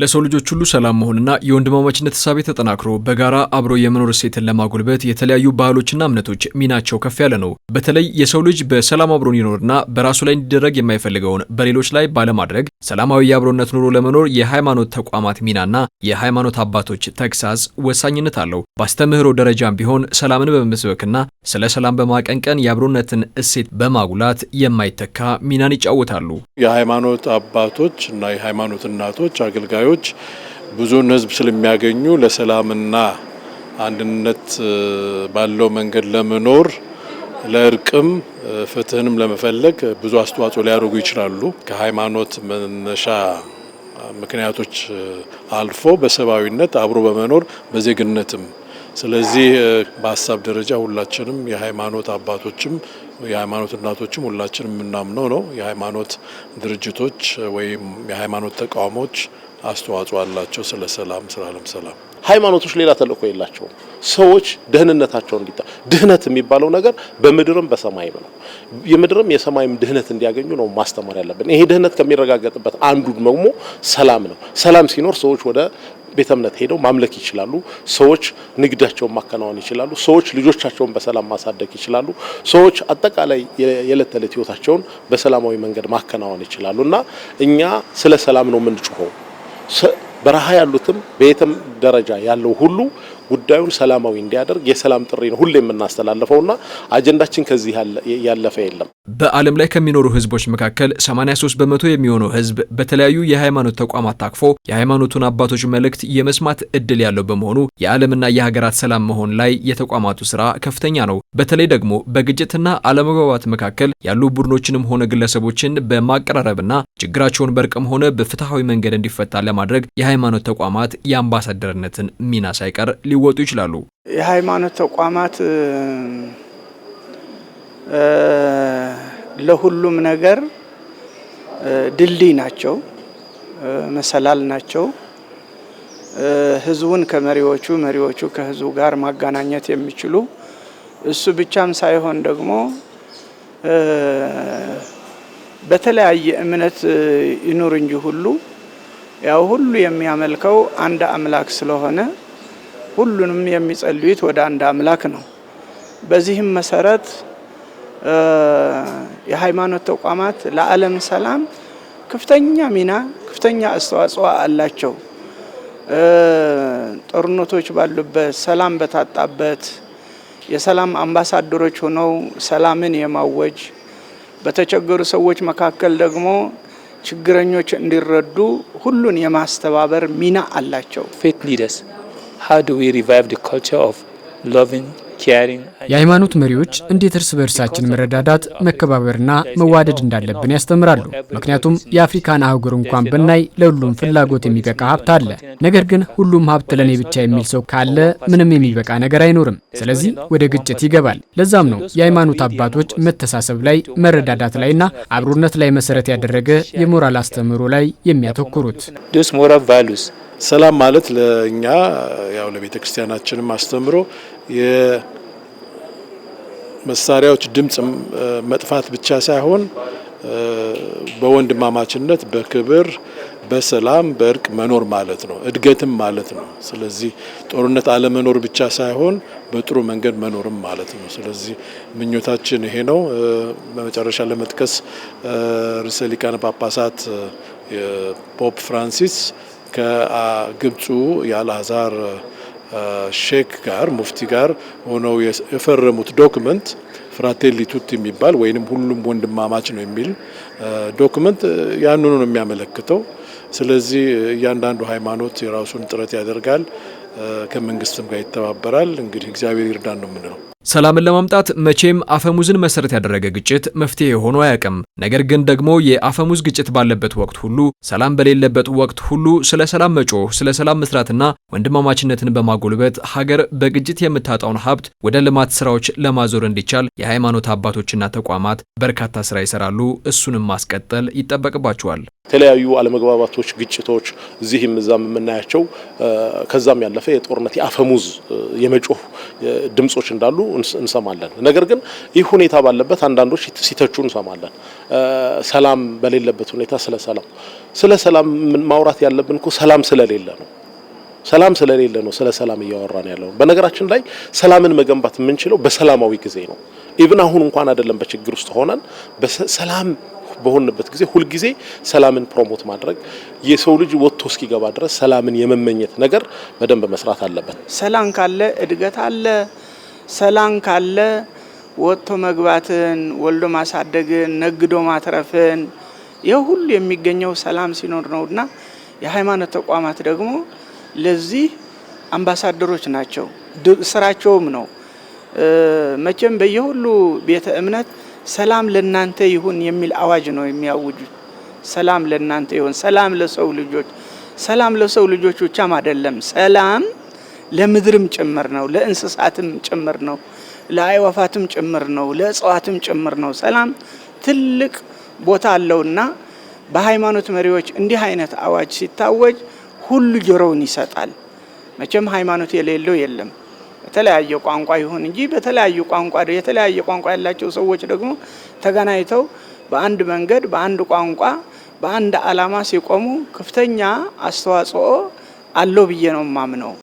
ለሰው ልጆች ሁሉ ሰላም መሆንና የወንድማማችነት እሳቤ ተጠናክሮ በጋራ አብሮ የመኖር እሴትን ለማጎልበት የተለያዩ ባህሎችና እምነቶች ሚናቸው ከፍ ያለ ነው። በተለይ የሰው ልጅ በሰላም አብሮ እንዲኖርና በራሱ ላይ እንዲደረግ የማይፈልገውን በሌሎች ላይ ባለማድረግ ሰላማዊ የአብሮነት ኑሮ ለመኖር የሃይማኖት ተቋማት ሚናና የሃይማኖት አባቶች ተግሳጽ ወሳኝነት አለው። በአስተምህሮ ደረጃም ቢሆን ሰላምን በመስበክና ስለ ሰላም በማቀንቀን የአብሮነትን እሴት በማጉላት የማይተካ ሚናን ይጫወታሉ። የሃይማኖት አባቶች እና የሃይማኖት እናቶች አገልጋዮች ጉዳዮች ብዙውን ህዝብ ስለሚያገኙ ለሰላምና አንድነት ባለው መንገድ ለመኖር ለእርቅም ፍትህንም ለመፈለግ ብዙ አስተዋጽኦ ሊያደርጉ ይችላሉ። ከሃይማኖት መነሻ ምክንያቶች አልፎ በሰብአዊነት አብሮ በመኖር በዜግነትም። ስለዚህ በሀሳብ ደረጃ ሁላችንም የሃይማኖት አባቶችም የሃይማኖት እናቶችም ሁላችንም የምናምነው ነው። የሃይማኖት ድርጅቶች ወይም የሃይማኖት ተቋሞች አስተዋጽኦ አላቸው። ስለ ሰላም፣ ስለ ዓለም ሰላም ሃይማኖቶች ሌላ ተልእኮ የላቸውም። ሰዎች ደህንነታቸውን እንዲታ ድህነት የሚባለው ነገር በምድርም በሰማይም ነው። የምድርም የሰማይም ድህነት እንዲያገኙ ነው ማስተማር ያለብን። ይሄ ድህነት ከሚረጋገጥበት አንዱ ደግሞ ሰላም ነው። ሰላም ሲኖር ሰዎች ወደ ቤተ እምነት ሄደው ማምለክ ይችላሉ። ሰዎች ንግዳቸውን ማከናወን ይችላሉ። ሰዎች ልጆቻቸውን በሰላም ማሳደግ ይችላሉ። ሰዎች አጠቃላይ የዕለት ተዕለት ህይወታቸውን በሰላማዊ መንገድ ማከናወን ይችላሉ እና እኛ ስለ ሰላም ነው የምንጮኸው። በረሃ ያሉትም ቤትም ደረጃ ያለው ሁሉ ጉዳዩን ሰላማዊ እንዲያደርግ የሰላም ጥሪ ነው ሁሌ የምናስተላልፈውና አጀንዳችን ከዚህ ያለፈ የለም። በዓለም ላይ ከሚኖሩ ህዝቦች መካከል 83 በመቶ የሚሆነው ህዝብ በተለያዩ የሃይማኖት ተቋማት ታቅፎ የሃይማኖቱን አባቶች መልእክት የመስማት እድል ያለው በመሆኑ የዓለምና የሀገራት ሰላም መሆን ላይ የተቋማቱ ስራ ከፍተኛ ነው። በተለይ ደግሞ በግጭትና አለመግባባት መካከል ያሉ ቡድኖችንም ሆነ ግለሰቦችን በማቀራረብና ችግራቸውን በእርቅም ሆነ በፍትሐዊ መንገድ እንዲፈታ ለማድረግ የሃይማኖት ተቋማት የአምባሳደርነትን ሚና ሳይቀር ሊወጡ ይችላሉ? የሃይማኖት ተቋማት ለሁሉም ነገር ድልድይ ናቸው፣ መሰላል ናቸው። ህዝቡን ከመሪዎቹ መሪዎቹ ከህዝቡ ጋር ማገናኘት የሚችሉ እሱ ብቻም ሳይሆን ደግሞ በተለያየ እምነት ይኑር እንጂ ሁሉ ያው ሁሉ የሚያመልከው አንድ አምላክ ስለሆነ ሁሉንም የሚጸልዩት ወደ አንድ አምላክ ነው። በዚህም መሰረት የሃይማኖት ተቋማት ለዓለም ሰላም ከፍተኛ ሚና ከፍተኛ አስተዋጽኦ አላቸው። ጦርነቶች ባሉበት፣ ሰላም በታጣበት የሰላም አምባሳደሮች ሆነው ሰላምን የማወጅ በተቸገሩ ሰዎች መካከል ደግሞ ችግረኞች እንዲረዱ ሁሉን የማስተባበር ሚና አላቸው። ፌት ሊደርስ የሃይማኖት መሪዎች እንዴት እርስ በእርሳችን መረዳዳት፣ መከባበርና መዋደድ እንዳለብን ያስተምራሉ። ምክንያቱም የአፍሪካን አህጉር እንኳን ብናይ ለሁሉም ፍላጎት የሚበቃ ሀብት አለ። ነገር ግን ሁሉም ሀብት ለእኔ ብቻ የሚል ሰው ካለ ምንም የሚበቃ ነገር አይኖርም። ስለዚህ ወደ ግጭት ይገባል። ለዛም ነው የሃይማኖት አባቶች መተሳሰብ ላይ፣ መረዳዳት ላይና አብሮነት ላይ መሰረት ያደረገ የሞራል አስተምህሮ ላይ የሚያተኩሩት ሞራል ቫሉስ ሰላም ማለት ለእኛ ያው ለቤተ ክርስቲያናችንም አስተምሮ የመሳሪያዎች ድምፅ መጥፋት ብቻ ሳይሆን በወንድማማችነት በክብር በሰላም በእርቅ መኖር ማለት ነው፣ እድገትም ማለት ነው። ስለዚህ ጦርነት አለመኖር ብቻ ሳይሆን በጥሩ መንገድ መኖርም ማለት ነው። ስለዚህ ምኞታችን ይሄ ነው። በመጨረሻ ለመጥቀስ ርዕሰ ሊቃነ ጳጳሳት ፖፕ ፍራንሲስ ከግብፁ የአልአዛር ሼክ ጋር ሙፍቲ ጋር ሆነው የፈረሙት ዶክመንት ፍራቴሊ ቱት የሚባል ወይም ሁሉም ወንድማማች ነው የሚል ዶክመንት ያንኑ ነው የሚያመለክተው። ስለዚህ እያንዳንዱ ሃይማኖት የራሱን ጥረት ያደርጋል፣ ከመንግስትም ጋር ይተባበራል። እንግዲህ እግዚአብሔር ይርዳን ነው የምንለው። ሰላምን ለማምጣት መቼም አፈሙዝን መሰረት ያደረገ ግጭት መፍትሄ ሆኖ አያውቅም። ነገር ግን ደግሞ የአፈሙዝ ግጭት ባለበት ወቅት ሁሉ፣ ሰላም በሌለበት ወቅት ሁሉ ስለ ሰላም መጮህ፣ ስለ ሰላም መስራትና ወንድማማችነትን በማጎልበት ሀገር በግጭት የምታጣውን ሀብት ወደ ልማት ስራዎች ለማዞር እንዲቻል የሃይማኖት አባቶችና ተቋማት በርካታ ስራ ይሰራሉ። እሱንም ማስቀጠል ይጠበቅባቸዋል። የተለያዩ አለመግባባቶች፣ ግጭቶች እዚህም እዛም የምናያቸው ከዛም ያለፈ የጦርነት የአፈሙዝ የመጮህ ድምጾች እንዳሉ እንሰማለን። ነገር ግን ይህ ሁኔታ ባለበት አንዳንዶች ሲተቹ እንሰማለን። ሰላም በሌለበት ሁኔታ ስለ ሰላም ስለ ሰላም ማውራት ያለብን እኮ ሰላም ስለሌለ ነው። ሰላም ስለሌለ ነው ስለ ሰላም እያወራን ያለው። በነገራችን ላይ ሰላምን መገንባት የምንችለው በሰላማዊ ጊዜ ነው። ኢቭን አሁን እንኳን አይደለም በችግር ውስጥ ሆነን በሰላም በሆንበት ጊዜ ሁልጊዜ ሰላምን ፕሮሞት ማድረግ የሰው ልጅ ወጥቶ እስኪገባ ድረስ ሰላምን የመመኘት ነገር በደንብ መስራት አለበት። ሰላም ካለ እድገት አለ፣ ሰላም ካለ ወጥቶ መግባትን፣ ወልዶ ማሳደግን፣ ነግዶ ማትረፍን ይህ ሁሉ የሚገኘው ሰላም ሲኖር ነው እና የሃይማኖት ተቋማት ደግሞ ለዚህ አምባሳደሮች ናቸው፣ ስራቸውም ነው። መቼም በየሁሉ ቤተ እምነት ሰላም ለእናንተ ይሁን የሚል አዋጅ ነው የሚያውጁት። ሰላም ለእናንተ ይሁን፣ ሰላም ለሰው ልጆች፣ ሰላም ለሰው ልጆች ብቻም አይደለም ሰላም ለምድርም ጭምር ነው፣ ለእንስሳትም ጭምር ነው፣ ለአእዋፋትም ጭምር ነው፣ ለእጽዋትም ጭምር ነው። ሰላም ትልቅ ቦታ አለውና በሃይማኖት መሪዎች እንዲህ አይነት አዋጅ ሲታወጅ ሁሉ ጆሮውን ይሰጣል። መቼም ሃይማኖት የሌለው የለም። በተለያየ ቋንቋ ይሁን እንጂ በተለያዩ ቋንቋ የተለያየ ቋንቋ ያላቸው ሰዎች ደግሞ ተገናኝተው በአንድ መንገድ በአንድ ቋንቋ በአንድ ዓላማ ሲቆሙ ከፍተኛ አስተዋጽኦ አለው ብዬ ነው የማምነው።